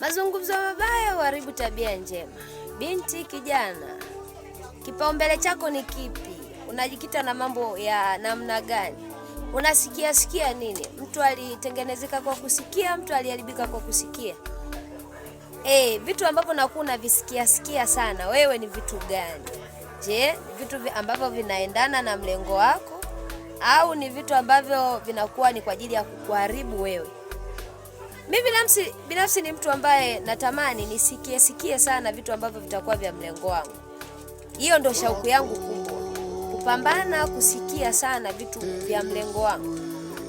Mazungumzo mabaya huharibu tabia njema. Binti, kijana, kipaumbele chako ni kipi? Unajikita na mambo ya namna gani? Unasikia sikia nini? Mtu alitengenezeka kwa kusikia, mtu aliharibika kwa kusikia. E, vitu ambavyo nakuwa unavisikia sikia sana, wewe ni vitu gani? Je, vitu ambavyo vinaendana na mlengo wako au ni vitu ambavyo vinakuwa ni kwa ajili ya kukuharibu wewe? Mimi binafsi binafsi ni mtu ambaye natamani nisikie sikie sana vitu ambavyo vitakuwa vya mlengo wangu. Hiyo ndio shauku yangu kubwa, kupambana kusikia sana vitu vya mlengo wangu.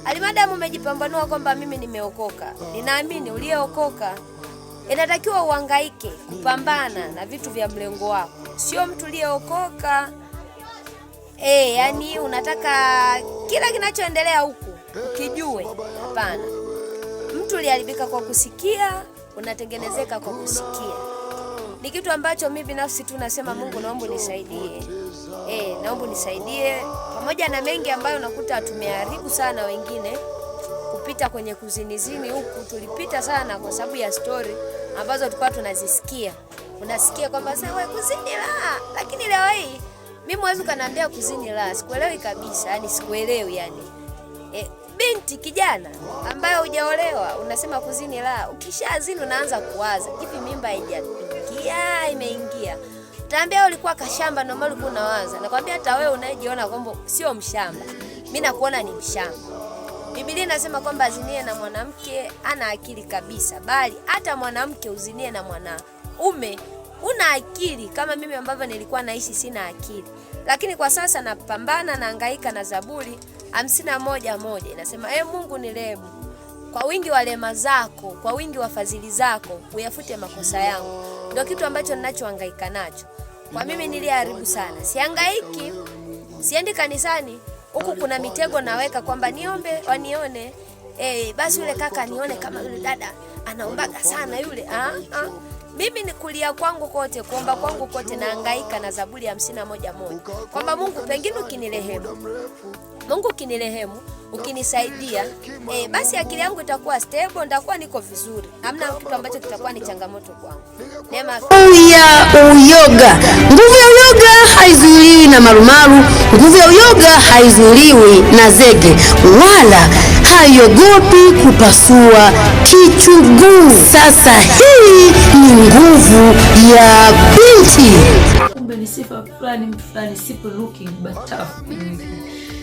Alimadamu umejipambanua kwamba mimi nimeokoka, ninaamini uliyeokoka inatakiwa uhangaike kupambana na vitu vya mlengo wako, sio mtu uliyeokoka eh, yani unataka kila kinachoendelea huku ukijue. Hapana mtu uliharibika kwa kusikia, unatengenezeka kwa kusikia. Ni kitu ambacho mimi binafsi tu nasema Mungu, naomba nisaidie. Eh, naomba nisaidie, pamoja na mengi ambayo nakuta tumeharibu sana wengine kupita kwenye kuzinizini huku, tulipita sana kwa sababu ya stori ambazo tulikuwa tunazisikia. Unasikia kwamba sasa wewe kuzini la, lakini leo hii mimi mwezi ukaniambia kuzini la, sikuelewi kabisa, yani sikuelewi yani binti kijana ambaye hujaolewa unasema kuzini la, ukishazini unaanza kuwaza hivi, mimba haijatukia imeingia? Taambia ulikuwa kashamba, ndio maana ulikuwa unawaza. Nakwambia hata wewe unayejiona kwamba sio mshamba, mimi nakuona ni mshamba. Biblia inasema kwamba azinie na mwanamke ana akili kabisa, bali hata mwanamke uzinie na mwanaume una akili kama mimi ambavyo nilikuwa naishi sina akili, lakini kwa sasa napambana na hangaika na Zaburi hamsini na moja moja inasema, e Mungu nirehemu kwa wingi wa rehema zako, kwa wingi wa fadhili zako uyafute makosa yangu. Ndio kitu ambacho ninachohangaika nacho. Kwa mimi niliharibu sana, sihangaiki, siendi kanisani, huku kuna mitego naweka kwamba niombe wanione, eh, basi yule kaka nione kama yule dada anaombaga sana yule ah, ah. Mimi ni kulia kwangu kote, kuomba kwangu kote, naangaika na Zaburi hamsini na moja moja kwamba Mungu pengine ukinirehemu, Mungu ukinirehemu, ukinisaidia eh, basi akili yangu itakuwa stable, nitakuwa niko vizuri, hamna kitu ambacho kitakuwa ni changamoto kwangu. Neema ya uyoga, nguvu ya uyoga haizuiliwi na marumaru, nguvu ya uyoga haizuiliwi na zege, wala haiogopi kupasua kichungu miguu. Sasa hii ni nguvu ya binti. Kumbe ni sifa fulani, mtu fulani, looking but tough.